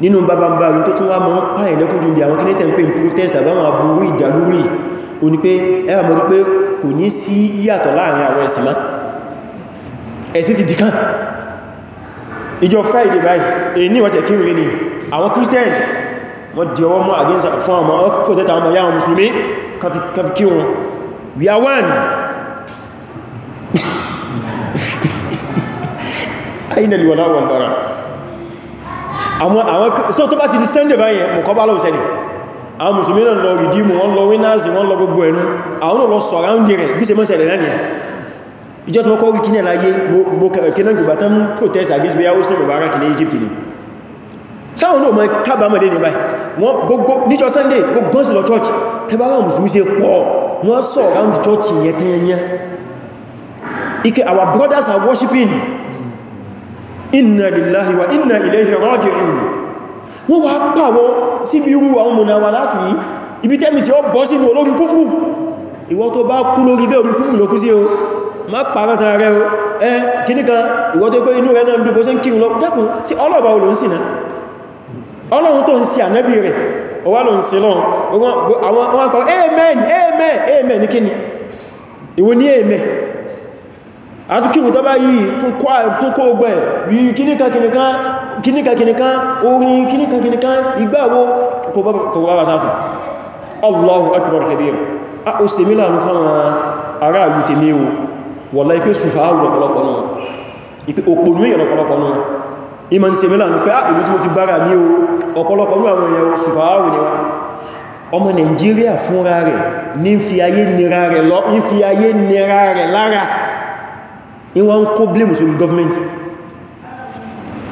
nínú bàbá ń bá rí tó tún wá mọ́ ń pààyàn lẹ́kùn jù bí àwọn kíní tẹ́m̀pé protest àbáwọn aburú ìdàlúrí o ní pé ẹwà mọ́ rí pé kò ní sí yíyàtọ̀ láàrin àwọn ẹ̀sìn má ẹ̀sìn ti dìkan ìjọ Friday báyìí èyí ní wọ́tẹ̀ kírù ní àwọn Christian wọ́n di ọwọ́ mọ́ against fún àwọn protest àwọn ọmọ mùsùlùmí kan fi kí wọn we are one ainihin wọ́n láwọn dára àwọn àwọn so tó bá ti di sunday báyìí mọ̀kọ́bá lọ́wọ́ sẹ́lẹ̀ àwọn mùsùlùmí náà lọ rìdíìmù wọ́n lọ winners wọ́n lọ gbogbo ẹnu àwọn olọ sọ̀rọ̀ ń gẹ̀rẹ̀ bí se mọ́ sẹ̀lẹ̀ náà ìjọ tó kọ́ rí kí ní àlàyé mọ́kànlá gbogbo tán protest against bí yáwó sí mubarak ní Egypt ni sáwọn náà mọ́ kábàmọ́dé ní báyìí wọ́n gbogbo níjọ sunday gbogbo sí lọ church tẹbàrà mùsùlùmí se pọ̀ wọ́n sọ̀rọ̀ ń church yẹn tẹ́yẹn ike our brothers are worshiping inna lillahi wa inna ilayhi raji'un wọ́n wá pàwọ́ sí bí irú àwọn mọ̀nàwà láti yìí ibi tẹ́mì tí ó bọ́ sínú olórin kúfù ìwọ tó bá kú lórí bẹ́ orí kúfù lókú sí o má pàrátà rẹ o ẹ kìníkà ìwọ tó pé inú rẹ náà dùn bó sí ń kírun lọ dákùn sí ọlọ́ọ̀bá olóhun sí náà ọlọ́run tó ń sí ànẹ́bì rẹ̀ ọwá lọ ń sí lọ àwọn akọ̀ amen amen amen ní kíni ìwọ amen àtúkìrù tọ́bá yìí tún kọ́ ọgbẹ̀ yìí kíníkàkíníkan orin kíníkàkíníkan ìgbàwó kò bá sásùn allahu akbar kabir a o se mílà ní fáwọn ará ìlú o wọ̀lá ipé sùfà ọ̀pọ̀lọpọ̀ náà ipé òpònú èèyàn ọ̀pọ̀lọpọ̀ náà ní wọ́n kó blame sórí government